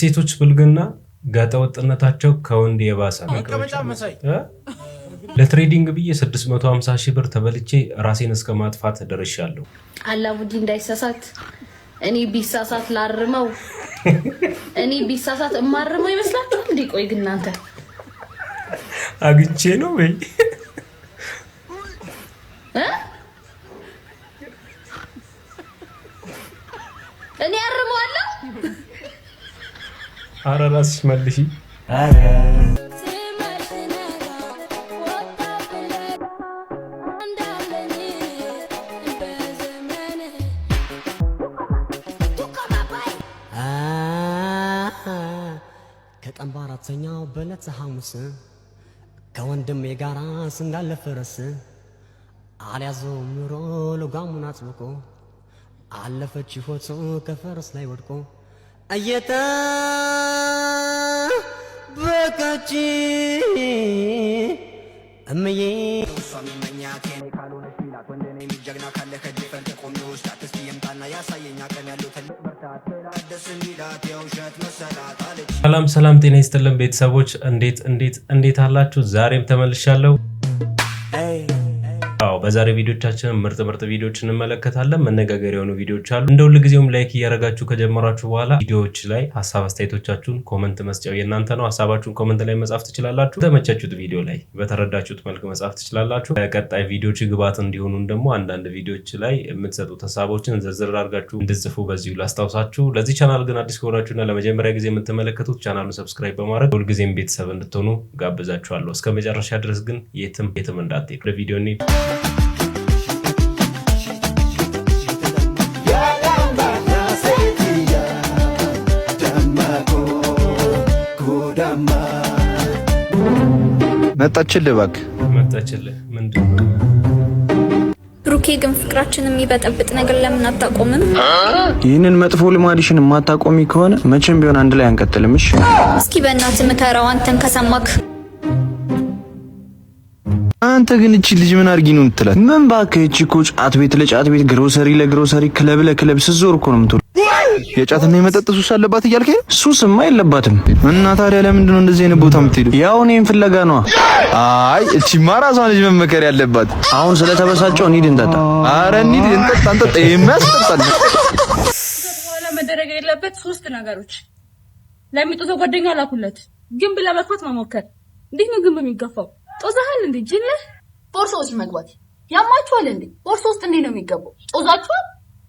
ሴቶች ብልግና ጋጠወጥነታቸው ከወንድ የባሰ ለትሬዲንግ ብዬ 650 ሺህ ብር ተበልቼ ራሴን እስከ ማጥፋት ደርሻለሁ። አላሙዲ እንዳይሳሳት እኔ ቢሳሳት ላርመው እኔ ቢሳሳት እማርመው ይመስላችኋል? እንዲ ቆይ ግን እናንተ አግቼ ነው ወይ እኔ አርመዋለሁ? ኧረ እራስሽ መልሺ። ከቀን በአራተኛው በዕለተ ሐሙስ ከወንድሜ ጋራ ስንዳለ ፈረስ አልያዘው ምሮ ልጓሙን አጽብቆ አለፈች ሆቶ ከፈረስ ላይ ወድቆ እየታ በቃች እምዬ እሷ የሚመኛት ኔ ካልሆነች ሚላት ወንደኔ የሚጀግና ካለ ከጄ ፈልቅ ቆሜ ውስዳት እስቲ የምጣና ያሳየኝ አቅም ያለው ትልቅ ብርታት ደስ ሚላት የውሸት መሰላት አለች። ሰላም ሰላም፣ ጤና ይስጥልን ቤተሰቦች፣ እንዴት እንዴት እንዴት አላችሁ? ዛሬም ተመልሻለሁ። በዛሬ ቪዲዮቻችን ምርጥ ምርጥ ቪዲዮች እንመለከታለን። መነጋገር የሆኑ ቪዲዮዎች አሉ። እንደ ሁል ጊዜውም ላይክ እያደረጋችሁ ከጀመራችሁ በኋላ ቪዲዮዎች ላይ ሀሳብ አስተያየቶቻችሁን ኮመንት መስጫው የእናንተ ነው። ሀሳባችሁን ኮመንት ላይ መጻፍ ትችላላችሁ። በተመቻችሁት ቪዲዮ ላይ በተረዳችሁት መልክ መጻፍ ትችላላችሁ። በቀጣይ ቪዲዮች ግባት እንዲሆኑን ደግሞ አንዳንድ ቪዲዮች ላይ የምትሰጡት ሀሳቦችን ዝርዝር አድርጋችሁ እንድጽፉ በዚሁ ላስታውሳችሁ። ለዚህ ቻናል ግን አዲስ ከሆናችሁና ለመጀመሪያ ጊዜ የምትመለከቱት ቻናሉን ሰብስክራይብ በማድረግ ሁልጊዜም ቤተሰብ እንድትሆኑ ጋብዛችኋለሁ። እስከ መጨረሻ ድረስ ግን የትም የትም እንዳትሄዱ። ወደ እንሂድ። መጣችልህ እባክህ መጣችልህ። ምንድን ነው ሩኬ ግን ፍቅራችን የሚበጠብጥ ነገር ለምን አታቆምም? ይህንን መጥፎ ልማድሽን የማታቆሚ ከሆነ መቼም ቢሆን አንድ ላይ አንቀጥልም። እሺ እስኪ በእናትህ ምከራው አንተን ከሰማክ። አንተ ግን እቺ ልጅ ምን አርጊ ነው የምትላት? ምን እባክህ እቺ እኮ ጫት ቤት ለጫት ቤት፣ ግሮሰሪ ለግሮሰሪ፣ ክለብ ለክለብ ስትዞር እኮ ነው የምትውለው። የጫትና የመጠጥ ሱስ አለባት እያልከኝ? ሱስማ የለባትም። እና ታዲያ ለምንድነው እንደዚህ አይነት ቦታ የምትሄዱ? ያው እኔን ፍለጋ ነዋ። አይ እቺማ ራሷ ልጅ መመከር ያለባት። አሁን ስለተበሳጨው እንሂድ እንጠጣ። አረ እንሂድ እንጠጣ፣ እንጠጣ። የሚያስጠጣል መደረግ የለበት ሶስት ነገሮች ለሚጦሰው ጓደኛ ላኩለት። ግንብ ለመግፋት መሞከር። እንዴት ነው ግንብ የሚገፋው? ጦዛሃል እንዴ? ጅነ ቦርሳ ውስጥ መግባት ያማችኋል እንዴ? ቦርሳ ውስጥ እንዴ ነው የሚገባው? ጦዛችኋል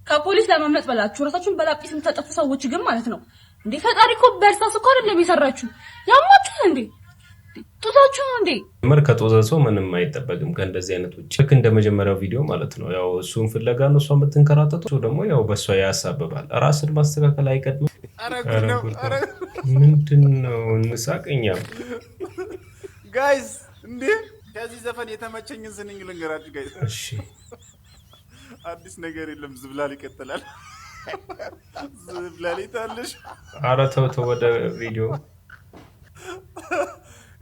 ከፖሊስ ለማምለጥ በላችሁ እራሳችሁን በላጲስ የምታጠፉ ሰዎች ግን ማለት ነው እንዴ! ፈጣሪ እኮ በእርሳስ እኮ አይደለም የሰራችሁ። ያሟችሁ እንዴ ጡታችሁ እንዴ! ምር ከጦዘ ሰው ምንም አይጠበቅም ከእንደዚህ አይነት ውጭ። ልክ እንደመጀመሪያው ቪዲዮ ማለት ነው። ያው እሱን ፍለጋ ነው እሷ የምትንከራተቱ ደግሞ ያው በእሷ ያሳብባል። ራስን ማስተካከል አይቀድምም። ምንድን ነው እንሳቀኛም ጋይዝ እንዴ! ከዚህ ዘፈን የተመቸኝን ስንኝ ልንገራችሁ ጋይዝ አዲስ ነገር የለም። ዝብላል ይቀጥላል። ዝብላል ይታለሽ። ኧረ ተው ተው፣ ወደ ቪዲዮ።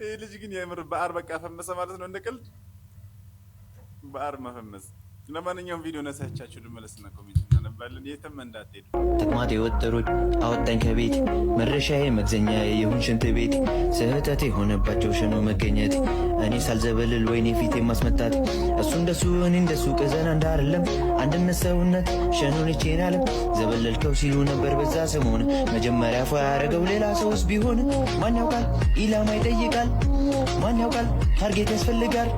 ይህ ልጅ ግን የምር በአር በቃ ፈመሰ ማለት ነው፣ እንደ በአር መፈመስ። ለማንኛውም ቪዲዮ ነሳቻችሁ ልመለስና ኮሚኒ እንበልን የትም እንዳትሄድ ጥቅማት የወጠሩት አወጣኝ ከቤት መድረሻዬ መግዘኛ የሁን ሽንት ቤት ስህተት የሆነባቸው ሸኖ መገኘት እኔ ሳልዘበልል ወይኔ ፊት የማስመታት እሱ እንደሱ እኔ እንደሱ ቅዘና እንዳርለም አንድነት ሰውነት ሸኖን ቼን አለም ዘበለልከው ሲሉ ነበር በዛ ሰሞን መጀመሪያ ፏ ያደረገው ሌላ ሰውስ ቢሆን ማን ያውቃል? ኢላማ ይጠይቃል ማን ያውቃል? ታርጌት ያስፈልጋል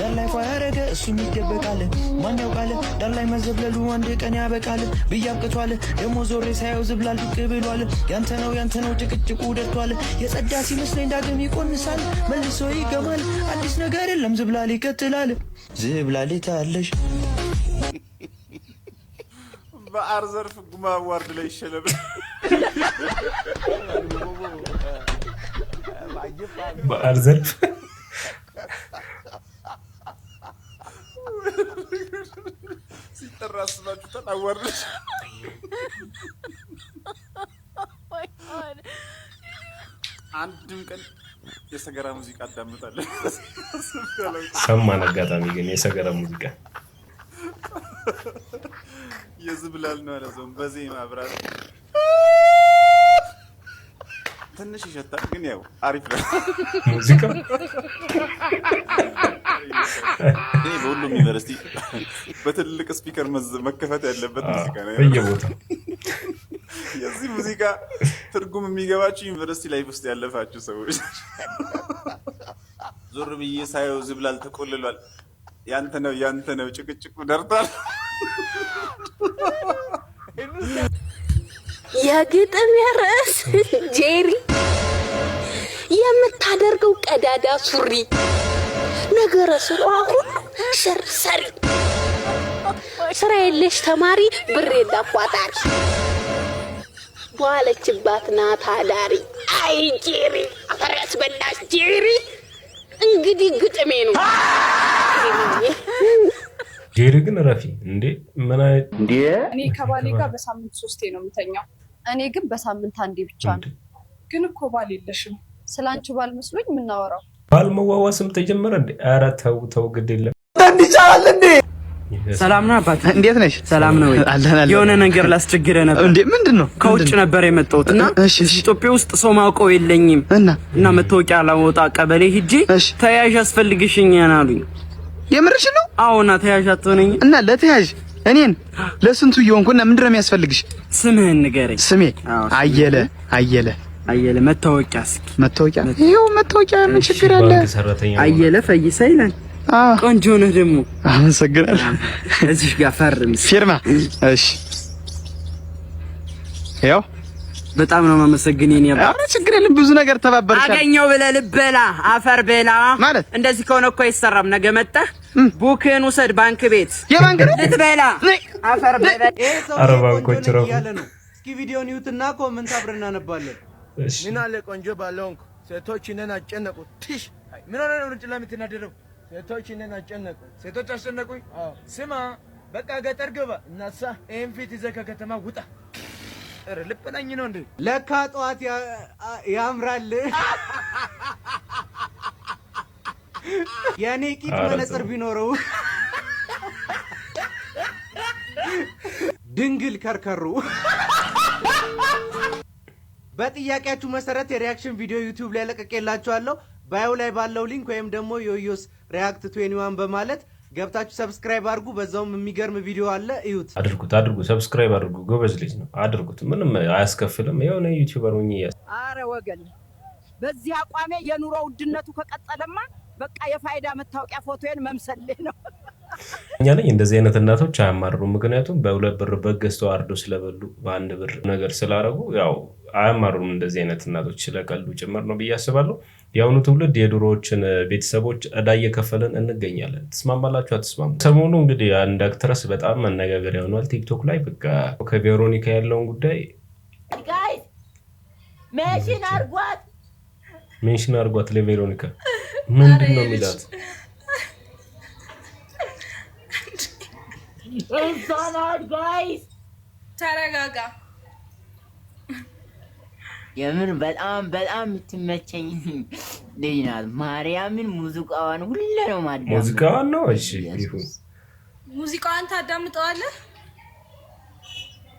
ዳር ላይ ፏ ያረገ እሱም ይደበቃል። ማን ያውቃል ዳር ላይ መዘብለሉ አንድ ቀን ያበቃል። ብያብቅቷል ደግሞ ዞሬ ሳየው ዝብላል ብቅ ብሏል። ያንተ ነው ያንተ ነው ጭቅጭቁ ደርቷል። የጸዳ ሲመስለኝ ዳግም ይቆንሳል፣ መልሶ ይገማል። አዲስ ነገር የለም ዝብላል ይቀጥላል። ዝብላሊት አለሽ በአር ዘርፍ ጉማ ዋርድ ላይ ይሸለብ በአር ዘርፍ አጠር አስባችሁታል። አዋርድሽ አንድም ቀን የሰገራ ሙዚቃ አዳምጣለን ሰማን። አጋጣሚ ግን የሰገራ ሙዚቃ የዝብላል ነው ያለዘውን በዚህ ማብራት ትንሽ ይሸታል፣ ግን ያው አሪፍ ነው ሙዚቃ እኔ በሁሉም ዩኒቨርሲቲ በትልቅ ስፒከር መከፈት ያለበት ሙዚቃ ነው። በየቦታ የዚህ ሙዚቃ ትርጉም የሚገባችሁ ዩኒቨርሲቲ ላይፍ ውስጥ ያለፋችሁ ሰዎች። ዞር ብዬ ሳየው ዝብላል ተቆልሏል። ያንተ ነው ያንተ ነው ጭቅጭቁ ደርቷል። የግጥም ርዕስ ጄሪ የምታደርገው ቀዳዳ ሱሪ ነገረ ስሯ ሁሉ ስር ሰሪ፣ ስራ የለሽ ተማሪ፣ ብር የለ አቋጣሪ፣ በኋለችባት ናት አዳሪ። አይ ጄሪ፣ አፈር ያስበላሽ ጄሪ። እንግዲህ ግጥሜ ነው ጄሪ። ግን ረፊ እንዴ ምን እንዴ! እኔ ከባሌ ጋር በሳምንት ሶስቴ ነው የምተኛው። እኔ ግን በሳምንት አንዴ ብቻ ነው። ግን እኮ ባል የለሽም። ስለ አንቺ ባል መስሎኝ የምናወራው ባልመዋዋስም ተጀመረ። እንዴ? ኧረ ተው ተው፣ ግድ የለም ይቻላል። እንዴ ሰላም ነው አባት፣ እንዴት ነሽ? ሰላም ነው። የሆነ ነገር ላስቸግረ ነበር። እንዴ ምንድን ነው? ከውጭ ነበር የመጣሁት እና ኢትዮጵያ ውስጥ ሰው ማውቀው የለኝም እና እና መታወቂያ ላወጣ ቀበሌ ሂጄ ተያዥ አስፈልግሽኝ አሉኝ። የምርሽ ነው? አዎ። እና ተያዥ አትሆነኝ እና ለተያዥ እኔን ለስንቱ እየሆንኩና ምንድን ነው የሚያስፈልግሽ? ስምህን ንገረኝ። ስሜ አየለ አየለ አየለ መታወቂያ እስኪ መታወቂያ ይሄው መታወቂያ ምን ችግር አለ? አየለ ፈይሳ ይላል። ቆንጆ ነው ደግሞ አመሰግናለሁ። እዚህ ጋር ፈርም ፊርማ። እሺ ይሄው በጣም ነው ማመሰግን። እኔ ያባ አረ ችግር የለም ብዙ ነገር ተባበርሻል። አገኘው ብለህ ልበላ አፈር በላ ማለት እንደዚህ ከሆነ እኮ አይሰራም። ነገ መጣ ቡክን ውሰድ ባንክ ቤት የባንክ ቤት ልትበላ አፈር በላ። አረ ሰው ነው። እስኪ ቪዲዮን ይዩትና ኮመንት አብረን እናነባለን። ምን አለ ቆንጆ ባለውንኩ! ሴቶች እኔን አጨነቁ። ትሽ ምን ሆነ ነው ጭላ የምትናደደው? ሴቶች እኔን አጨነቁ። ሴቶች አስጨነቁኝ። ስማ በቃ ገጠር ግባ እናሳ ይህን ፊት ይዘህ ከከተማ ውጣ። ልብ ነኝ ነው እንዴ? ለካ ጠዋት ያምራል። የእኔ ቂጥ መነጽር ቢኖረው ድንግል ከርከሩ በጥያቄያችሁ መሰረት የሪያክሽን ቪዲዮ ዩቲዩብ ላይ ለቀቄላችኋለሁ። ባዮ ላይ ባለው ሊንክ ወይም ደግሞ የዮዮስ ሪያክት ቱኒዋን በማለት ገብታችሁ ሰብስክራይብ አድርጉ። በዛውም የሚገርም ቪዲዮ አለ፣ እዩት። አድርጉት፣ አድርጉ፣ ሰብስክራይብ አድርጉ። ጎበዝ ልጅ ነው፣ አድርጉት። ምንም አያስከፍልም። የሆነ ዩቲዩበር ሁኝ እያ አረ ወገን፣ በዚህ አቋሜ የኑሮ ውድነቱ ከቀጠለማ በቃ የፋይዳ መታወቂያ ፎቶዬን መምሰሌ ነው። እኛ ላይ እንደዚህ አይነት እናቶች አያማርሩም። ምክንያቱም በሁለት ብር በገዝተው አርዶ ስለበሉ በአንድ ብር ነገር ስላረጉ ያው አያማሩም። እንደዚህ አይነት እናቶች ስለቀሉ ጭምር ነው ብዬ አስባለሁ። የአሁኑ ትውልድ የድሮዎችን ቤተሰቦች እዳ እየከፈልን እንገኛለን። ትስማማላችሁ አትስማሙ? ሰሞኑ እንግዲህ አንድ አክትረስ በጣም መነጋገር ሆኗል ቲክቶክ ላይ በቃ ከቬሮኒካ ያለውን ጉዳይ ሜንሽን አርጓት፣ ሜንሽን አርጓት ለቬሮኒካ ምንድን ነው የሚላት እዛ ናት ጋይስ። ተረጋጋ። የምር በጣም በጣም የምትመቸኝ ልጅ ናት። ማርያምን ሙዚቃዋን ሁሌ ነው ማዳምጠው። ሙዚቃዋን ነው እሺ፣ ሙዚቃዋን ታዳምጠዋለህ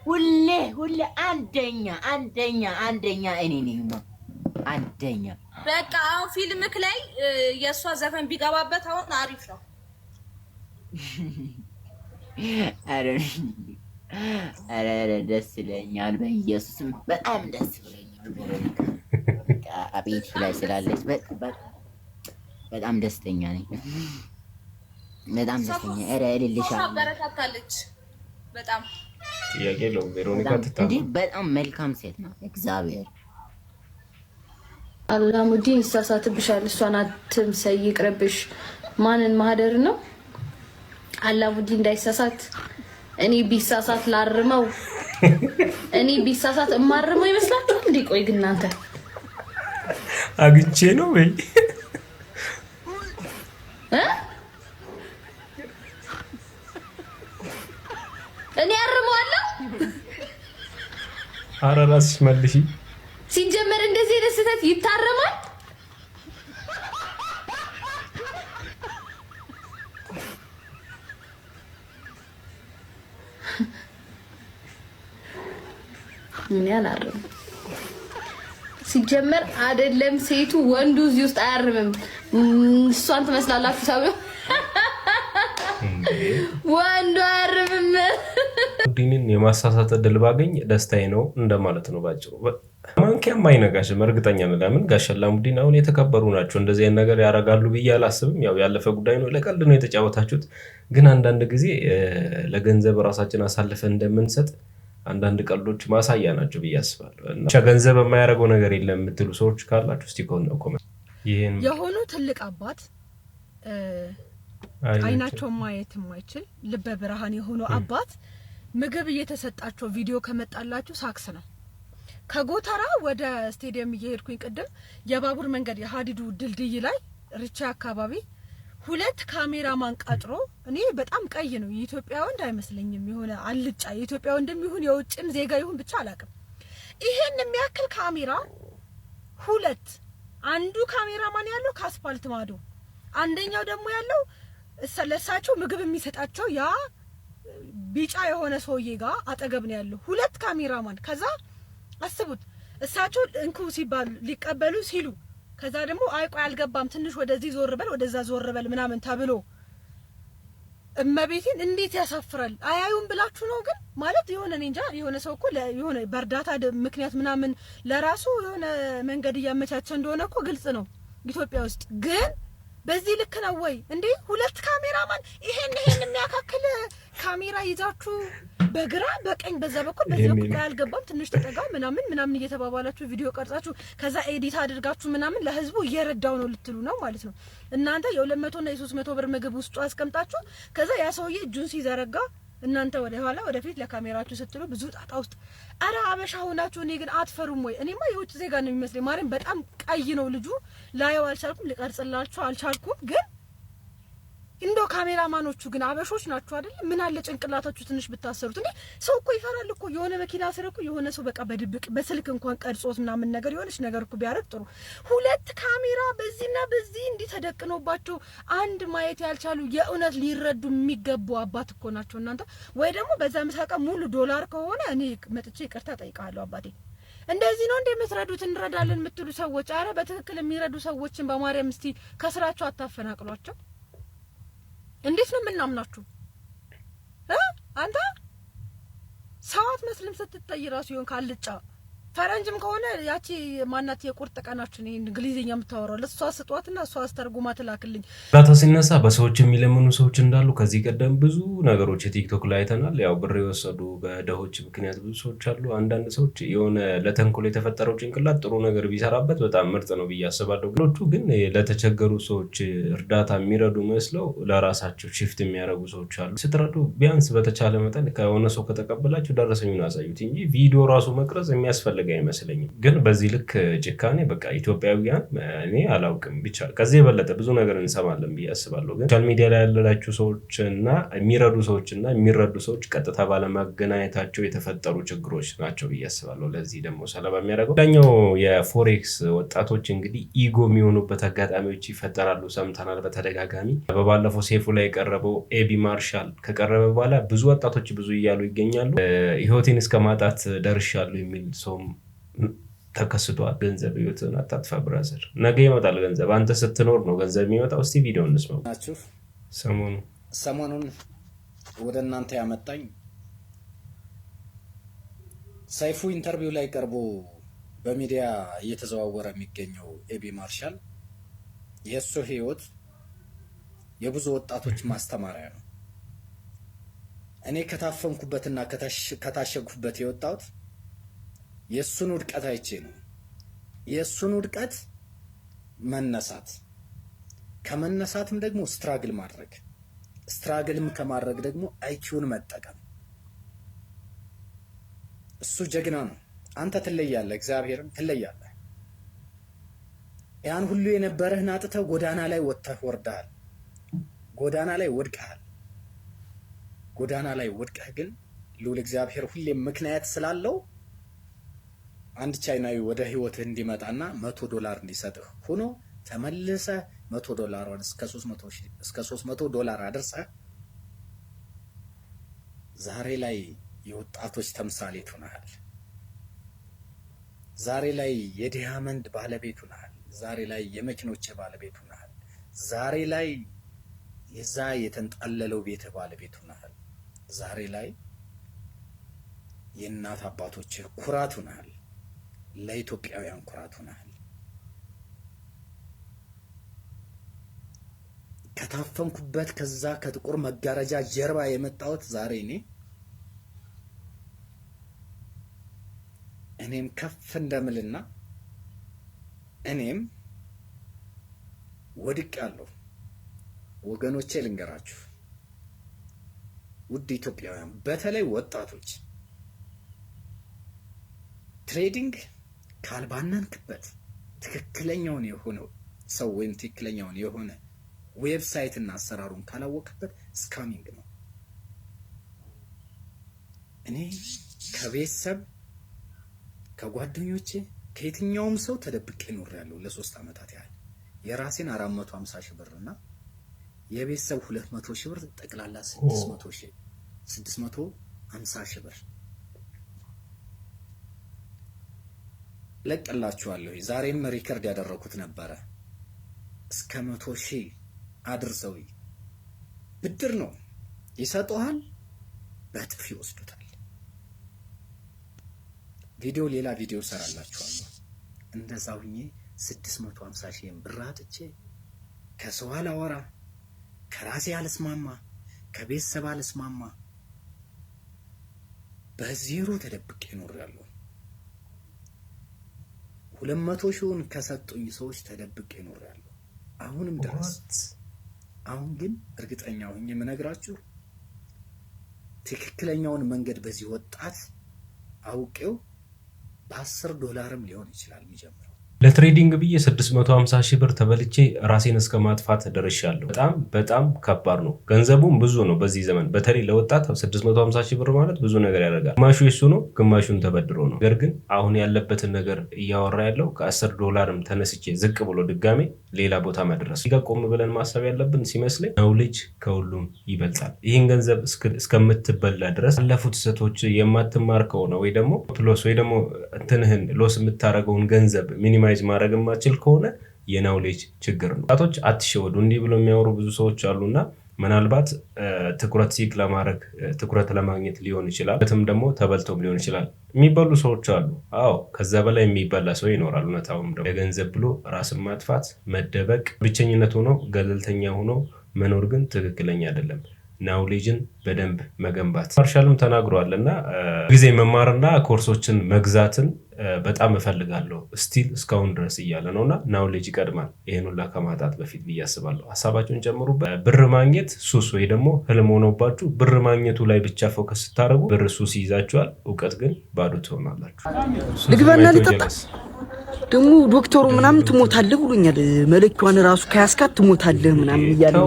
ሁሌ ሁሌ። አንደኛ አንደኛ አንደኛ እኔ ነኝ አንደኛ። በቃ አሁን ፊልምክ ላይ የእሷ ዘፈን ቢገባበት አሁን አሪፍ ነው። ኧረ ደስ ይለኛል፣ በኢየሱስም በጣም ደስ ይለኛል። ቤት ላይ ስላለች በጣም ደስተኛ ነኝ። በጣም ደስተኛ ኧረ በጣም ጥያቄ ቬሮኒካ በጣም መልካም ሴት እግዚአብሔር አላሙዲን ይሳሳትብሻል። እሷን አትምሰይ፣ ይቅርብሽ። ማንን ማህደር ነው አላሙዲ እንዳይሳሳት እኔ ቢሳሳት ላርመው። እኔ ቢሳሳት እማርመው ይመስላችሁ እንዴ? ቆይ ግን እናንተ አግቼ ነው ወይ እኔ አርመዋለሁ? አረ ራስሽ መልሺ። ሲጀመር እንደዚህ አይነት ስህተት ይታረም ሲጀመር አይደለም ሴቱ ወንዱ እዚህ ውስጥ አያርምም። እሷን ትመስላላችሁ ሰብ ወንዱ አያርምም። ዲንን የማሳሳት እድል ባገኝ ደስታዬ ነው እንደማለት ነው ባጭሩ። ማንኪያ ማይነጋሽም እርግጠኛ ነው። ለምን ጋሸላሙዲን አሁን የተከበሩ ናቸው። እንደዚህ አይነት ነገር ያደርጋሉ ብዬ አላስብም። ያው ያለፈ ጉዳይ ነው። ለቀልድ ነው የተጫወታችሁት። ግን አንዳንድ ጊዜ ለገንዘብ ራሳችን አሳልፈን እንደምንሰጥ አንዳንድ ቀልዶች ማሳያ ናቸው ብዬ አስባለሁ። እና ገንዘብ የማያደርገው ነገር የለም የምትሉ ሰዎች ካላችሁ እስቲ የሆኑ ትልቅ አባት አይናቸው ማየት የማይችል ልበ ብርሃን የሆኑ አባት ምግብ እየተሰጣቸው ቪዲዮ ከመጣላችሁ ሳክስ ነው። ከጎተራ ወደ ስቴዲየም እየሄድኩኝ ቅድም የባቡር መንገድ የሀዲዱ ድልድይ ላይ ርቻ አካባቢ ሁለት ካሜራማን ቀጥሮ እኔ በጣም ቀይ ነው የኢትዮጵያ ወንድ አይመስለኝም። የሆነ አልጫ የኢትዮጵያ ወንድም ይሁን የውጭም ዜጋ ይሁን ብቻ አላቅም። ይሄን የሚያክል ካሜራ ሁለት፣ አንዱ ካሜራማን ያለው ከአስፋልት ማዶ፣ አንደኛው ደግሞ ያለው ለእሳቸው ምግብ የሚሰጣቸው ያ ቢጫ የሆነ ሰውዬ ጋር አጠገብ ነው ያለው። ሁለት ካሜራማን ከዛ አስቡት እሳቸው እንኩ ሲባሉ ሊቀበሉ ሲሉ ከዛ ደግሞ አይቆ አልገባም፣ ትንሽ ወደዚህ ዞር በል፣ ወደዛ ዞር በል ምናምን ተብሎ እመቤቴን እንዴት ያሳፍራል። አያዩም ብላችሁ ነው ግን ማለት የሆነ እኔ እንጃ። የሆነ ሰው እኮ የሆነ በእርዳታ ምክንያት ምናምን ለራሱ የሆነ መንገድ እያመቻቸ እንደሆነ እኮ ግልጽ ነው ኢትዮጵያ ውስጥ ግን በዚህ ልክ ነው ወይ እንዴ? ሁለት ካሜራማን ይሄን ይሄን የሚያካክል ካሜራ ይዛችሁ በግራ በቀኝ በዛ በኩል በዚህ በኩል ላይ አልገባም ትንሽ ተጠጋው ምናምን ምናምን እየተባባላችሁ ቪዲዮ ቀርጻችሁ ከዛ ኤዲት አድርጋችሁ ምናምን ለህዝቡ እየረዳው ነው ልትሉ ነው ማለት ነው። እናንተ የሁለት መቶ እና የሶስት መቶ ብር ምግብ ውስጡ አስቀምጣችሁ ከዛ ያ ሰውዬ እጁን ሲዘረጋ እናንተ ወደ ኋላ ወደፊት ለካሜራችሁ ስትሉ ብዙ ጣጣ ውስጥ። አረ አበሻ ሆናችሁ እኔ ግን አትፈሩም ወይ? እኔማ የውጭ ዜጋ ነው የሚመስለኝ። ማርያም በጣም ቀይ ነው ልጁ። ላየው አልቻልኩም፣ ልቀርጽላችሁ አልቻልኩም ግን እንደው ካሜራማኖቹ ግን አበሾች ናቸው አይደል? ምን አለ ጭንቅላታችሁ ትንሽ ብታሰሩት እንዴ! ሰው እኮ ይፈራል እኮ የሆነ መኪና ስር እኮ የሆነ ሰው በቃ በድብቅ በስልክ እንኳን ቀርጾት ምናምን ነገር የሆነች ነገር እኮ ቢያደርግ ጥሩ። ሁለት ካሜራ በዚህና በዚህ እንዲህ ተደቅኖባቸው አንድ ማየት ያልቻሉ የእውነት ሊረዱ የሚገቡ አባት እኮ ናቸው እናንተ። ወይ ደግሞ በዛ ምሳቀ ሙሉ ዶላር ከሆነ እኔ መጥቼ ይቅርታ ጠይቃለሁ አባቴ እንደዚህ ነው እንደ የምትረዱት እንረዳለን የምትሉ ሰዎች፣ አረ በትክክል የሚረዱ ሰዎችን በማርያም እስቲ ከስራቸው አታፈናቅሏቸው። እንዴት ነው የምናምናችሁ? አንተ ሰው አትመስልም ስትታይ ራሱ ይሆን ካልጫ ፈረንጅም ከሆነ ያቺ ማናት የቁርጥ ቀናችን ይህን እንግሊዝኛ የምታወራው ለእሷ ስጧትና እሷ አስተርጉማ ትላክልኝ። እርዳታ ሲነሳ በሰዎች የሚለምኑ ሰዎች እንዳሉ ከዚህ ቀደም ብዙ ነገሮች የቲክቶክ ላይ አይተናል። ያው ብር የወሰዱ በደሆች ምክንያት ብዙ ሰዎች አሉ። አንዳንድ ሰዎች የሆነ ለተንኮል የተፈጠረው ጭንቅላት ጥሩ ነገር ቢሰራበት በጣም ምርጥ ነው ብዬ አስባለሁ። ግሎቹ ግን ለተቸገሩ ሰዎች እርዳታ የሚረዱ መስለው ለራሳቸው ሽፍት የሚያደርጉ ሰዎች አሉ። ስትረዱ ቢያንስ በተቻለ መጠን ከሆነ ሰው ከተቀበላቸው ደረሰኙን አሳዩት እንጂ ቪዲዮ ራሱ መቅረጽ የሚያስፈልግ ያስፈለገ አይመስለኝም። ግን በዚህ ልክ ጭካኔ በቃ ኢትዮጵያውያን እኔ አላውቅም። ብቻ ከዚህ የበለጠ ብዙ ነገር እንሰማለን ብዬ አስባለሁ። ግን ሶሻል ሚዲያ ላይ ያለላችሁ ሰዎች እና የሚረዱ ሰዎች እና የሚረዱ ሰዎች ቀጥታ ባለመገናኘታቸው የተፈጠሩ ችግሮች ናቸው ብዬ አስባለሁ። ለዚህ ደግሞ ሰለባ የሚያደርገው ዳኛው የፎሬክስ ወጣቶች እንግዲህ ኢጎ የሚሆኑበት አጋጣሚዎች ይፈጠራሉ። ሰምተናል በተደጋጋሚ በባለፈው ሴፉ ላይ የቀረበው ኤቢ ማርሻል ከቀረበ በኋላ ብዙ ወጣቶች ብዙ እያሉ ይገኛሉ። ህይወቴን እስከ ማጣት ደርሻሉ የሚል ሰውም ተከስቷል። ገንዘብ ህይወትን አታጥፋ ብራዘር፣ ነገ ይመጣል ገንዘብ። አንተ ስትኖር ነው ገንዘብ የሚመጣው። እስቲ ቪዲዮ እንስማው። ሰሞኑ ሰሞኑን ወደ እናንተ ያመጣኝ ሰይፉ ኢንተርቪው ላይ ቀርቦ በሚዲያ እየተዘዋወረ የሚገኘው ኤቢ ማርሻል የእሱ ህይወት የብዙ ወጣቶች ማስተማሪያ ነው። እኔ ከታፈንኩበትና ከታሸግኩበት የወጣሁት የእሱን ውድቀት አይቼ ነው። የእሱን ውድቀት መነሳት፣ ከመነሳትም ደግሞ ስትራግል ማድረግ፣ ስትራግልም ከማድረግ ደግሞ አይኪውን መጠቀም። እሱ ጀግና ነው። አንተ ትለያለህ፣ እግዚአብሔርን ትለያለህ። ያን ሁሉ የነበረህን አጥተህ ጎዳና ላይ ወጥተህ ወርደሃል። ጎዳና ላይ ወድቀሃል። ጎዳና ላይ ወድቀህ ግን ልዑል እግዚአብሔር ሁሌም ምክንያት ስላለው አንድ ቻይናዊ ወደ ህይወትህ እንዲመጣና መቶ ዶላር እንዲሰጥህ ሆኖ ተመልሰ መቶ ዶላሯን እስከ ሶስት መቶ ዶላር አደርሰ ዛሬ ላይ የወጣቶች ተምሳሌት ሆነሃል። ዛሬ ላይ የዲያመንድ ባለቤት ሆነሃል። ዛሬ ላይ የመኪኖች ባለቤት ሆነሃል። ዛሬ ላይ የዛ የተንጣለለው ቤት ባለቤት ሆነሃል። ዛሬ ላይ የእናት አባቶችህ ኩራት ሆነሃል። ለኢትዮጵያውያን ኩራት ሆነሃል። ከታፈንኩበት ከዛ ከጥቁር መጋረጃ ጀርባ የመጣሁት ዛሬ እኔ እኔም ከፍ እንደምልና እኔም ወድቅ ያለሁ ወገኖቼ ልንገራችሁ፣ ውድ ኢትዮጵያውያን፣ በተለይ ወጣቶች ትሬዲንግ ካልባነንክበት ትክክለኛውን የሆነው ሰው ወይም ትክክለኛውን የሆነ ዌብሳይትና አሰራሩን ካላወቅበት ስካሚንግ ነው። እኔ ከቤተሰብ ከጓደኞቼ ከየትኛውም ሰው ተደብቄ ያለው ለሶስት ዓመታት ያህል የራሴን 450 ሺህ ብር እና የቤተሰብ 200 ሺህ ብር ጠቅላላ 600 ሺህ 650 ሺህ ብር ለቅላችኋለሁ። ዛሬም ሪከርድ ያደረኩት ነበረ። እስከ መቶ ሺህ አድርሰው። ብድር ነው ይሰጠሃል፣ በጥፍ ይወስዱታል። ቪዲዮ ሌላ ቪዲዮ ሰራላችኋለሁ። እንደዛ ሁኜ 650 ሺህ ብር አጥቼ ከሰው አላወራ፣ ከራሴ አልስማማ፣ ከቤተሰብ አልስማማ፣ በዜሮ ተደብቄ እኖራለሁ። ሁለት መቶ ሺውን ከሰጡኝ ሰዎች ተደብቄ እኖራለሁ አሁንም ድረስ። አሁን ግን እርግጠኛ ሁኝ የምነግራችሁ ትክክለኛውን መንገድ በዚህ ወጣት አውቄው በአስር ዶላርም ሊሆን ይችላል የሚጀምር ለትሬዲንግ ብዬ 650 ሺህ ብር ተበልቼ ራሴን እስከ ማጥፋት ደርሻለሁ። በጣም በጣም ከባድ ነው። ገንዘቡም ብዙ ነው በዚህ ዘመን በተለይ ለወጣት 650 ሺህ ብር ማለት ብዙ ነገር ያደርጋል። ግማሹ የሱ ነው፣ ግማሹን ተበድሮ ነው። ነገር ግን አሁን ያለበትን ነገር እያወራ ያለው ከ10 ዶላርም ተነስቼ ዝቅ ብሎ ድጋሜ ሌላ ቦታ መድረስ ጋ ቆም ብለን ማሰብ ያለብን ሲመስለኝ ነው። ልጅ ከሁሉም ይበልጣል። ይህን ገንዘብ እስከምትበላ ድረስ ያለፉት ስህተቶች የማትማር ከሆነ ወይ ደግሞ ሎስ ወይ ደግሞ እንትንህን ሎስ የምታደርገውን ገንዘብ ሚኒማ ሞኔታይዝ ማድረግ የማችል ከሆነ የናውሌጅ ችግር ነው። ጣቶች አትሸወዱ። እንዲህ ብሎ የሚያወሩ ብዙ ሰዎች አሉና ምናልባት ትኩረት ሲክ ለማድረግ ትኩረት ለማግኘት ሊሆን ይችላል። ትም ደግሞ ተበልቶም ሊሆን ይችላል። የሚበሉ ሰዎች አሉ። አዎ ከዛ በላይ የሚበላ ሰው ይኖራል። እውነታውም ደግሞ ለገንዘብ ብሎ ራስን ማጥፋት፣ መደበቅ፣ ብቸኝነት ሆኖ ገለልተኛ ሆኖ መኖር ግን ትክክለኛ አይደለም። ናውሌጅን በደንብ መገንባት ማርሻልም ተናግሯል እና ጊዜ መማርና ኮርሶችን መግዛትን በጣም እፈልጋለሁ ስቲል እስካሁን ድረስ እያለ ነው እና ናውሌጅ ይቀድማል ይህን ሁላ ከማጣት በፊት ብዬ አስባለሁ። ሀሳባቸውን ጨምሩበት። ብር ማግኘት ሱስ ወይ ደግሞ ህልም ሆኖባችሁ ብር ማግኘቱ ላይ ብቻ ፎከስ ስታደርጉ ብር ሱስ ይይዛችኋል፣ እውቀት ግን ባዶ ትሆናላችሁ። ልግባና ልጠጣ ደግሞ ዶክተሩ ምናምን ትሞታለህ ብሎኛል። መለኪዋን ራሱ ከያስካት ትሞታለህ ምናምን እያለ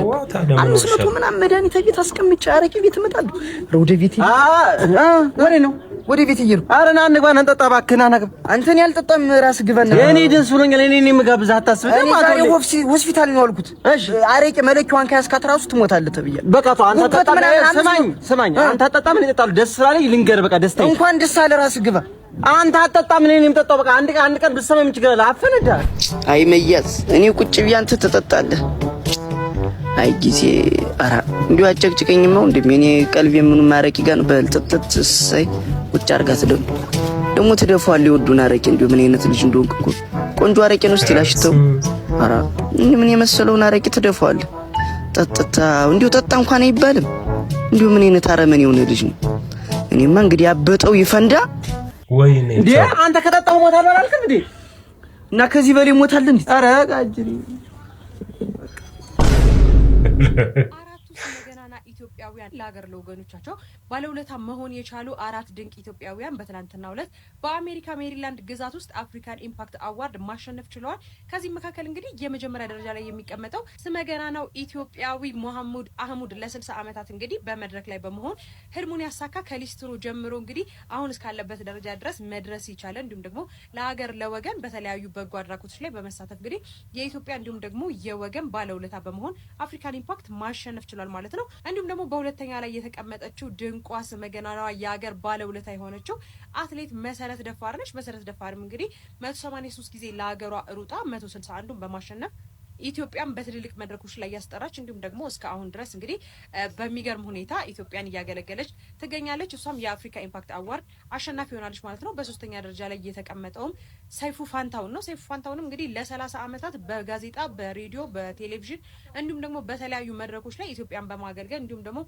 አምስት መቶ ምናምን መድኃኒት ቤት አስቀምጬ አረቄ ቤት እመጣለሁ ወደ ቤት ወሬ ነው ወደ ቤት እየሄድኩ ኧረ ና እንግባ፣ ና እንጠጣ እባክህ፣ ና ና ግባ። አንተን ያልጠጣም ራስህ ግባ። እኔ ደስ ብሎኛል። እኔ እኔ የምጋብዝህ አታስብ። እኔ ዛሬ ሆስፒታል ነው አልኩት እሺ አረቄ መለኪዋን ከያዝካት እራሱ ትሞታለህ ተብያለሁ። በቃ ተው አንተ አትጠጣም። ስማኝ ስማኝ፣ አንተ አትጠጣም። ምን እጠጣለሁ። ደስ ስላለኝ ልንገርህ። በቃ ደስ ታይ እንኳን ደስ አለ ራስ ግባ። አንተ አትጠጣም። ምን እኔ የምጠጣው በቃ አንድ ቀን አንድ ቀን ብትሰማኝ ምን ችግር አለ? አፈነዳ። አይ መያዝ፣ እኔ ቁጭ ብዬ አንተ ትጠጣለህ። አይ ጊዜ ኧረ እንዲሁ አጨቅጭቀኝም ነው እንደምን እኔ ቀልቤ ምኑም አረቄ ጋር ነው በልጥጥጥ ሳይ ቁጭ አርጋ ትደፉ ደግሞ ትደፏል። የወዱን አረቄ እንዲሁ ምን አይነት ልጅ እንደሆንክ እኮ ቆንጆ አረቄ ነው እስቲ ላሽተው። ኧረ ምን የመሰለውን አረቄ ትደፏል። ጠጥታ እንዲሁ ጠጣ እንኳን አይባልም። እንዲሁ ምን አይነት አረመኔ የሆነ ልጅ ነው። እኔማ እንግዲህ ያበጠው ይፈንዳ። ወይ እንዴ! አንተ ከጠጣሁ ሞታል አላልክም እንዴ? እና ከዚህ በላይ እሞታለሁ እንዴ? አረ ጋጅሪ አራቱ ገናና ኢትዮጵያውያን ለሀገር ለወገኖቻቸው ባለውለታ መሆን የቻሉ አራት ድንቅ ኢትዮጵያውያን በትናንትናው ዕለት በአሜሪካ ሜሪላንድ ግዛት ውስጥ አፍሪካን ኢምፓክት አዋርድ ማሸነፍ ችለዋል። ከዚህ መካከል እንግዲህ የመጀመሪያ ደረጃ ላይ የሚቀመጠው ስመገናናው ኢትዮጵያዊ መሐሙድ አህሙድ ለ60 ዓመታት እንግዲህ በመድረክ ላይ በመሆን ህልሙን ያሳካ ከሊስትሮ ጀምሮ እንግዲህ አሁን እስካለበት ደረጃ ድረስ መድረስ ይቻለ እንዲሁም ደግሞ ለሀገር ለወገን በተለያዩ በጎ አድራጎቶች ላይ በመሳተፍ እንግዲህ የኢትዮጵያ እንዲሁም ደግሞ የወገን ባለውለታ በመሆን አፍሪካን ኢምፓክት ማሸነፍ ችሏል ማለት ነው። እንዲሁም ደግሞ በሁለተኛ ላይ የተቀመጠችው ድ እንቁ ስመ ገናናዋ የሀገር ባለውለታ የሆነችው አትሌት መሰረት ደፋር ነች። መሰረት ደፋርም እንግዲህ መቶ ጊዜ ለሀገሯ ሩጣ መቶ ስልሳ በማሸነፍ ኢትዮጵያን በትልልቅ መድረኮች ላይ ያስጠራች እንዲሁም ደግሞ እስከ አሁን ድረስ እንግዲህ በሚገርም ሁኔታ ኢትዮጵያን እያገለገለች ትገኛለች። እሷም የአፍሪካ ኢምፓክት አዋርድ አሸናፊ ሆናለች ማለት ነው። በሶስተኛ ደረጃ ላይ የተቀመጠውም ሰይፉ ፋንታውን ነው። ሰይፉ ፋንታውንም እንግዲህ ለሰላሳ ዓመታት በጋዜጣ በሬዲዮ፣ በቴሌቪዥን እንዲሁም ደግሞ በተለያዩ መድረኮች ላይ ኢትዮጵያን በማገልገል እንዲሁም ደግሞ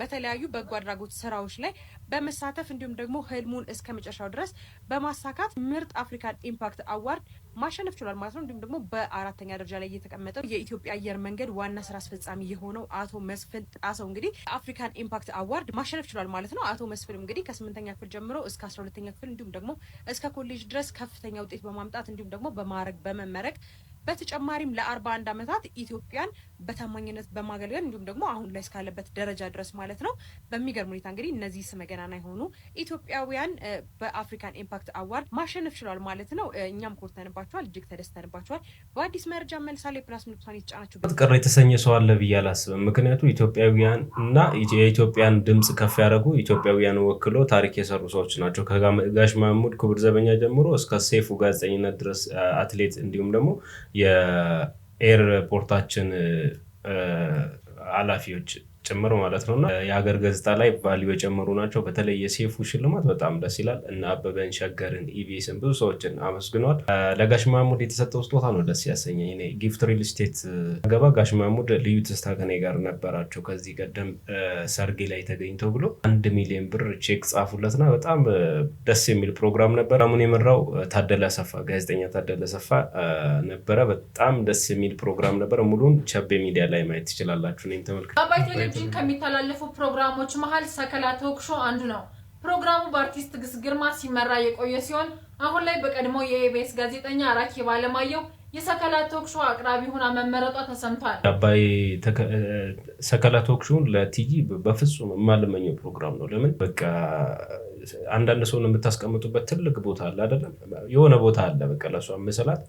በተለያዩ በጎ አድራጎት ስራዎች ላይ በመሳተፍ እንዲሁም ደግሞ ህልሙን እስከ መጨረሻው ድረስ በማሳካት ምርጥ አፍሪካን ኢምፓክት አዋርድ ማሸነፍ ችሏል ማለት ነው። እንዲሁም ደግሞ በአራተኛ ደረጃ ላይ የተቀመጠው የኢትዮጵያ አየር መንገድ ዋና ስራ አስፈጻሚ የሆነው አቶ መስፍን ጣሰው እንግዲህ አፍሪካን ኢምፓክት አዋርድ ማሸነፍ ችሏል ማለት ነው። አቶ መስፍንም እንግዲህ ከስምንተኛ ክፍል ጀምሮ እስከ አስራ ሁለተኛ ክፍል እንዲሁም ደግሞ እስከ ኮሌጅ ድረስ ከፍተኛ ውጤት በማምጣት እንዲሁም ደግሞ በማዕረግ በመመረቅ በተጨማሪም ለአርባ አንድ ዓመታት ኢትዮጵያን በታማኝነት በማገልገል እንዲሁም ደግሞ አሁን ላይ እስካለበት ደረጃ ድረስ ማለት ነው። በሚገርም ሁኔታ እንግዲህ እነዚህ ስመገናና የሆኑ ኢትዮጵያውያን በአፍሪካን ኢምፓክት አዋርድ ማሸነፍ ችሏል ማለት ነው። እኛም ኮርተንባቸዋል፣ እጅግ ተደስተንባቸዋል። በአዲስ መረጃ መልሳሌ ፕላስ ምልክቷን የተጫናቸው ቀረ የተሰኘ ሰው አለ ብዬ አላስብም። ምክንያቱ ኢትዮጵያውያን እና የኢትዮጵያን ድምፅ ከፍ ያደረጉ ኢትዮጵያውያን ወክሎ ታሪክ የሰሩ ሰዎች ናቸው። ከጋሽ ማሙድ ክቡር ዘበኛ ጀምሮ እስከ ሴፉ ጋዜጠኝነት ድረስ አትሌት እንዲሁም ደግሞ ኤርፖርታችን ኃላፊዎች ጭምር ማለት ነው እና የሀገር ገጽታ ላይ ቫሊዩ የጨመሩ ናቸው። በተለይ የሴፉ ሽልማት በጣም ደስ ይላል እና አበበን ሸገርን፣ ኢቢኤስን ብዙ ሰዎችን አመስግነዋል። ለጋሽ ማሙድ የተሰጠው ስጦታ ነው ደስ ያሰኘኝ። እኔ ጊፍት ሪል ስቴት ገባ ጋሽ ማሙድ ልዩ ትስታ ከኔ ጋር ነበራቸው ከዚህ ቀደም ሰርጌ ላይ ተገኝተው ብሎ አንድ ሚሊዮን ብር ቼክ ጻፉለትና በጣም ደስ የሚል ፕሮግራም ነበር። አሁን የመራው ታደለ ሰፋ ጋዜጠኛ ታደለ ሰፋ ነበረ። በጣም ደስ የሚል ፕሮግራም ነበር። ሙሉን ቸቤ ሚዲያ ላይ ማየት ትችላላችሁ። እኔም ተመልክ በቴሌቪዥን ከሚተላለፉ ፕሮግራሞች መሀል ሰከላ ቶክ ሾው አንዱ ነው። ፕሮግራሙ በአርቲስት ትዕግስት ግርማ ሲመራ የቆየ ሲሆን አሁን ላይ በቀድሞ የኤቢኤስ ጋዜጠኛ አራኪ ባለማየሁ የሰከላ ቶክ ሾው አቅራቢ ሆና መመረጧ ተሰምቷል። አባይ ሰከላ ቶክ ሾውን ለቲጂ በፍጹም የማልመኘው ፕሮግራም ነው። ለምን በቃ አንዳንድ ሰውን የምታስቀምጡበት ትልቅ ቦታ አለ አይደለም? የሆነ ቦታ አለ በቃ መሰላት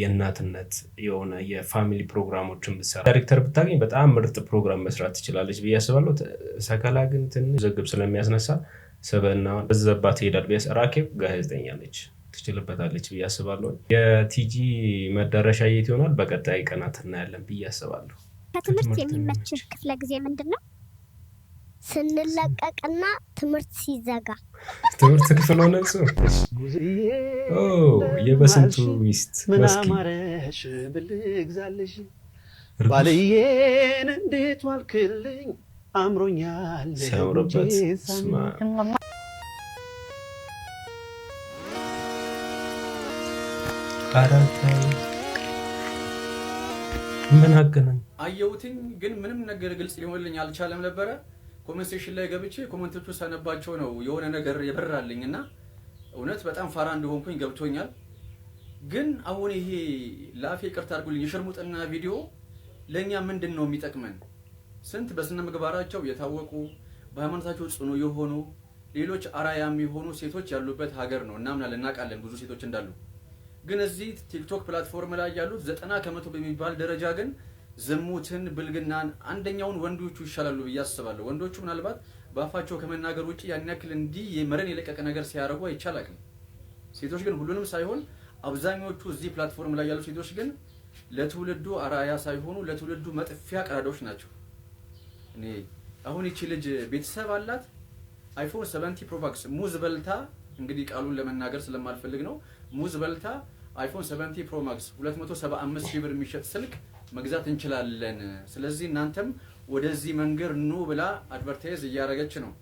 የእናትነት የሆነ የፋሚሊ ፕሮግራሞችን ብትሰራ ዳይሬክተር ብታገኝ በጣም ምርጥ ፕሮግራም መስራት ትችላለች ብዬ አስባለሁ። ሰከላ ግን ትንሽ ዘግብ ስለሚያስነሳ ስብዕናዋን በዘባ ትሄዳል። ራኬብ ጋዜጠኛ ነች ትችልበታለች ብዬ አስባለሁ። የቲጂ መዳረሻ የት ይሆናል? በቀጣይ ቀናት እናያለን ብዬ አስባለሁ። ከትምህርት የሚመችር ክፍለ ጊዜ ምንድን ነው? ስንለቀቅና ትምህርት ሲዘጋ ትምህርት ክፍል ሆነ የበስንቱ ሚስት ባልዬን እንዴት ዋልክልኝ አምሮኛል ምን አገናኝ አየሁትኝ፣ ግን ምንም ነገር ግልጽ ሊሆንልኝ አልቻለም ነበረ። ኮመንት ሴክሽን ላይ ገብቼ ኮመንቶቹ ሳነባቸው ነው የሆነ ነገር የበራልኝ እና እውነት በጣም ፋራ እንደሆንኩኝ ገብቶኛል። ግን አሁን ይሄ ላፌ ቅርታ አድርጉልኝ የሽርሙጥና ቪዲዮ ለእኛ ምንድን ነው የሚጠቅመን? ስንት በስነ ምግባራቸው የታወቁ በሃይማኖታቸው ጽኑ የሆኑ ሌሎች አራያ የሚሆኑ ሴቶች ያሉበት ሀገር ነው። እናምናለን፣ እናውቃለን ብዙ ሴቶች እንዳሉ። ግን እዚህ ቲክቶክ ፕላትፎርም ላይ ያሉት ዘጠና ከመቶ በሚባል ደረጃ ግን ዝሙትን፣ ብልግናን አንደኛውን ወንዶቹ ይሻላሉ ብዬ አስባለሁ። ወንዶቹ ምናልባት በአፋቸው ከመናገር ውጭ ያን ያክል እንዲህ መረን የለቀቀ ነገር ሲያደርጉ አይቻላቅም። ሴቶች ግን ሁሉንም ሳይሆን አብዛኞቹ እዚህ ፕላትፎርም ላይ ያሉ ሴቶች ግን ለትውልዱ አራያ ሳይሆኑ ለትውልዱ መጥፊያ ቀዳዳዎች ናቸው። እኔ አሁን ይቺ ልጅ ቤተሰብ አላት። አይፎን 70 ፕሮማክስ ሙዝ በልታ እንግዲህ ቃሉን ለመናገር ስለማልፈልግ ነው። ሙዝ በልታ አይፎን 70 ፕሮማክስ 275 ሺህ ብር የሚሸጥ ስልክ መግዛት እንችላለን። ስለዚህ እናንተም ወደዚህ መንገድ ኑ ብላ አድቨርታይዝ እያደረገች ነው።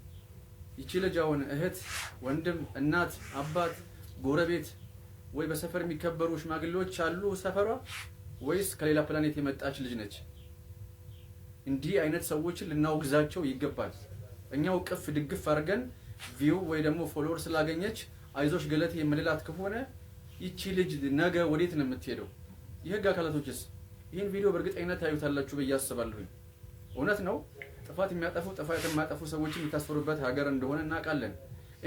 ይቺ ልጅ አሁን እህት፣ ወንድም፣ እናት፣ አባት፣ ጎረቤት ወይ በሰፈር የሚከበሩ ሽማግሌዎች አሉ ሰፈሯ፣ ወይስ ከሌላ ፕላኔት የመጣች ልጅ ነች? እንዲህ አይነት ሰዎችን ልናወግዛቸው ይገባል። እኛው ቅፍ ድግፍ አድርገን ቪው ወይ ደግሞ ፎሎወር ስላገኘች አይዞሽ ገለቴ የምንላት ከሆነ ይቺ ልጅ ነገ ወዴት ነው የምትሄደው? የህግ አካላቶችስ ይህን ቪዲዮ በእርግጠኝነት ታዩታላችሁ ብዬ አስባለሁኝ። እውነት ነው፣ ጥፋት የሚያጠፉ ጥፋት የማያጠፉ ሰዎች የሚታስፈሩበት ሀገር እንደሆነ እናውቃለን።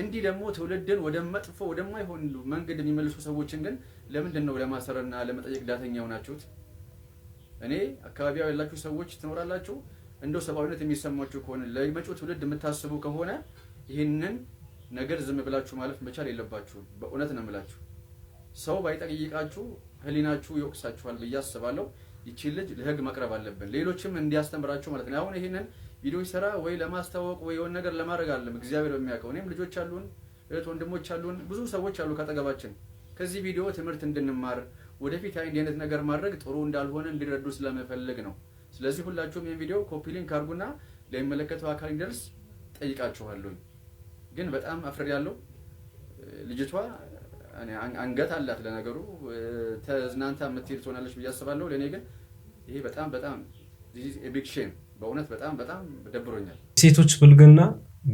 እንዲህ ደግሞ ትውልድን ወደ መጥፎ ወደማይሆን መንገድ የሚመልሱ ሰዎችን ግን ለምንድን ነው ለማሰርና ለመጠየቅ ዳተኛ ሆናችሁት? እኔ አካባቢ ያላችሁ ሰዎች ትኖራላችሁ። እንደው ሰብአዊነት የሚሰማችሁ ከሆነ ለመጪው ትውልድ የምታስቡ ከሆነ ይህንን ነገር ዝም ብላችሁ ማለፍ መቻል የለባችሁም። በእውነት ነው የምላችሁ። ሰው ባይጠይቃችሁ ህሊናችሁ ይወቅሳችኋል ብዬ አስባለሁ። ይቺ ልጅ ለህግ መቅረብ አለብን፣ ሌሎችም እንዲያስተምራቸው ማለት ነው። አሁን ይህንን ቪዲዮ ይሰራ ወይ ለማስተዋወቅ ወይ የሆነ ነገር ለማድረግ አለም እግዚአብሔር በሚያውቀው እኔም ልጆች አሉን፣ እህት ወንድሞች አሉን፣ ብዙ ሰዎች አሉ ከአጠገባችን ከዚህ ቪዲዮ ትምህርት እንድንማር ወደፊት እንዲህ አይነት ነገር ማድረግ ጥሩ እንዳልሆነ እንዲረዱ ስለመፈለግ ነው። ስለዚህ ሁላችሁም ይህን ቪዲዮ ኮፒ ሊንክ አድርጉና ለሚመለከተው አካል እንዲደርስ ጠይቃችኋለሁ። ግን በጣም አፍሬያለሁ። ልጅቷ አንገት አላት። ለነገሩ ተዝናንታ የምትሄድ ትሆናለች ብዬ አስባለሁ። ለእኔ ግን ይሄ በጣም በጣም ቢግ ሼም በእውነት በጣም በጣም ደብሮኛል። ሴቶች ብልግና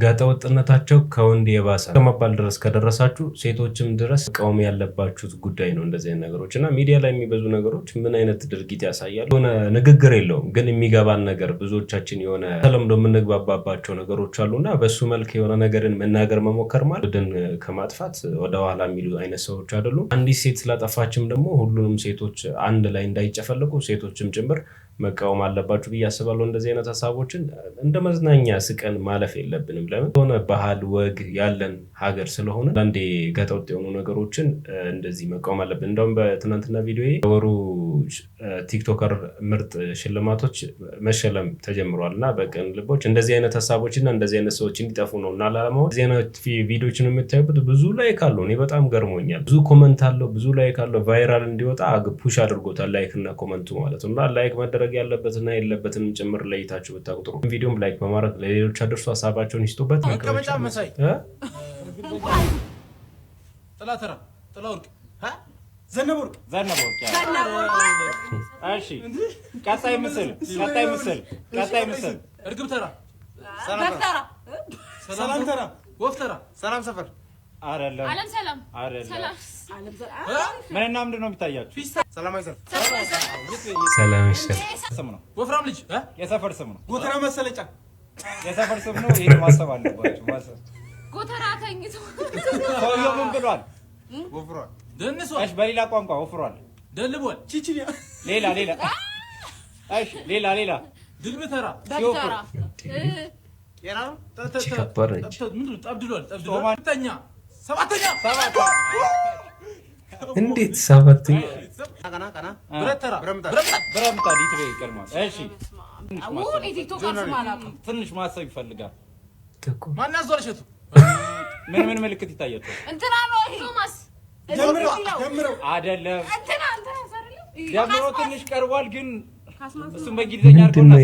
ጋጠወጥነታቸው ከወንድ የባሰ ከመባል ድረስ ከደረሳችሁ ሴቶችም ድረስ መቃወም ያለባችሁት ጉዳይ ነው። እንደዚህ አይነት ነገሮች እና ሚዲያ ላይ የሚበዙ ነገሮች ምን አይነት ድርጊት ያሳያል? የሆነ ንግግር የለውም፣ ግን የሚገባን ነገር ብዙዎቻችን የሆነ ተለምዶ የምንግባባባቸው ነገሮች አሉ እና በሱ መልክ የሆነ ነገርን መናገር መሞከር ማለት ድን ከማጥፋት ወደኋላ የሚሉ አይነት ሰዎች አይደሉም። አንዲት ሴት ስላጠፋችም ደግሞ ሁሉንም ሴቶች አንድ ላይ እንዳይጨፈልቁ ሴቶችም ጭምር መቃወም አለባችሁ ብዬ አስባለሁ። እንደዚህ አይነት ሀሳቦችን እንደ መዝናኛ እኛ ስቀን ማለፍ የለብንም። ለምን የሆነ ባህል ወግ ያለን ሀገር ስለሆነ አንዴ ገጠውጥ የሆኑ ነገሮችን እንደዚህ መቃወም አለብን። እንደውም በትናንትና ቪዲዮ ወሩ ቲክቶከር ምርጥ ሽልማቶች መሸለም ተጀምሯል እና በቅን ልቦች እንደዚህ አይነት ሀሳቦች እና እንደዚህ አይነት ሰዎች እንዲጠፉ ነው እና ላለማወቅ እዚህ አይነት ቪዲዮችን የምታዩበት ብዙ ላይክ አለው። እኔ በጣም ገርሞኛል። ብዙ ኮመንት አለው፣ ብዙ ላይክ አለው። ቫይራል እንዲወጣ ፑሽ አድርጎታል ላይክ እና ኮመንቱ ማለት ነው። እና ላይክ መደረግ ያለበትና የለበትንም ጭምር ለይታችሁ ብታቁጥሩ ቪዲዮም ላይክ በማድረግ ለሌሎች አደርሱ፣ ሀሳባቸውን ይስጡበት። መቀመጫ መሳይ ጥላተራ ጥላ ወርቅ ዘነበ ወርቅ ዘነበ ወርቅ። እሺ፣ ቀጣይ ምስል ቀጣይ ምስል ቀጣይ ምስል እርግብ ተራ ሰላም ተራ ወፍ ተራ ሰላም ሰፈር አይደለም፣ አለም ሰላም ምንድን ነው የሚታያችሁ? ሰላም ወፍራም ልጅ የሰፈር ስም ነው። ጎተራ መሰለጫ የሰፈር ስም ነው። ይሄን ማሰብ አለባችሁ። ማሰብ ጎተራ ተኝቶ ሰውየው ምን ብሏል? ወፍሯል። ደንሷል። እሺ፣ በሌላ ቋንቋ ወፍሯል፣ ደልቧል። ቺቺያ ሌላ ሌላ። እሺ፣ ሌላ ሌላ ድልብተራ ሲወፍር ጤና እንዴት ሰባተኛ ብረት ተራ ብረት ብረት ብረት ትንሽ ማሰብ ይፈልጋል። ማን ያዟል? ምን ምን ምልክት ይታያል? እንትና አይደለም ጀምሮ ትንሽ ቀርቧል፣ ግን እሱም በእንግሊዝኛ አድርጎና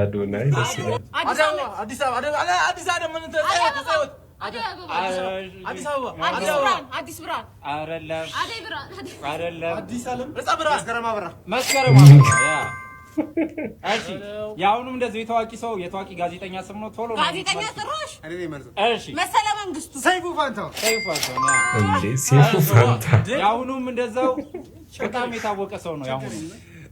አዶናይ አዲስ አበባ አዲስ አበባ አዲስ የአሁኑም እንደዚህ የታዋቂ ሰው የታዋቂ ጋዜጠኛ ስም ነው። ቶሎ ጋዜጠኛ ጥሩሽ መሰለ መንግስቱ፣ ሰይፉ ፋንታው፣ የአሁኑም እንደዛው በጣም የታወቀ ሰው ነው የአሁኑ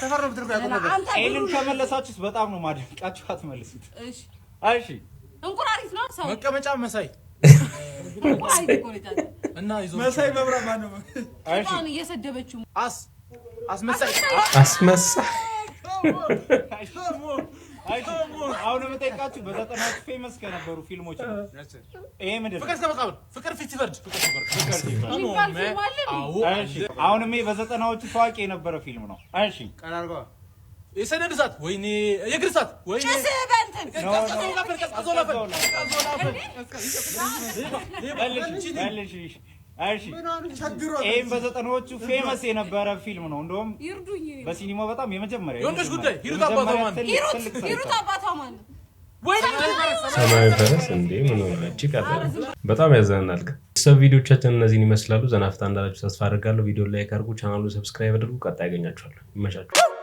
ሰፈር ነው ብትርኩ ያቆመበት። ይሄንን ከመለሳችሁስ በጣም ነው ማደንቃችሁ። አትመልሱት። እሺ፣ እሺ። እንቁራሪት ነው ሰው መቀመጫ መሳይ እና ይዞ መሳይ መብራት ማነው? እሺ፣ እየሰደበችው አስ አስመሳይ አስመሳይ አሁን የምጠይቃችሁ በዘጠና ፌመስ ከነበሩ ፊልሞች ይሄ። ምንድን ነው ፍቅር ፊት ይፈርድ። አሁንም በዘጠናዎቹ ታዋቂ የነበረ ፊልም ነው። እሺ የሰደድ እሳት ወይኔ የእግር እሳት ወይኔ እሺ ይህም በዘጠናዎቹ ፌመስ የነበረ ፊልም ነው። እንደውም በሲኒማ በጣም የመጀመሪያ የወንዶች ጉዳይ ሂሩት አባቷ ማነው? ሰማያዊ ፈረስ እንዴ ምን እጅግ በጣም ያዘናል። ቤተሰብ ቪዲዮቻችን እነዚህን ይመስላሉ። ዘናፍታ እንዳላችሁ ተስፋ አድርጋለሁ። ቪዲዮ ላይክ አድርጉ፣ ቻናሉን ሰብስክራይብ አድርጉ። ቀጣይ ያገኛችኋለሁ። ይመቻችሁ።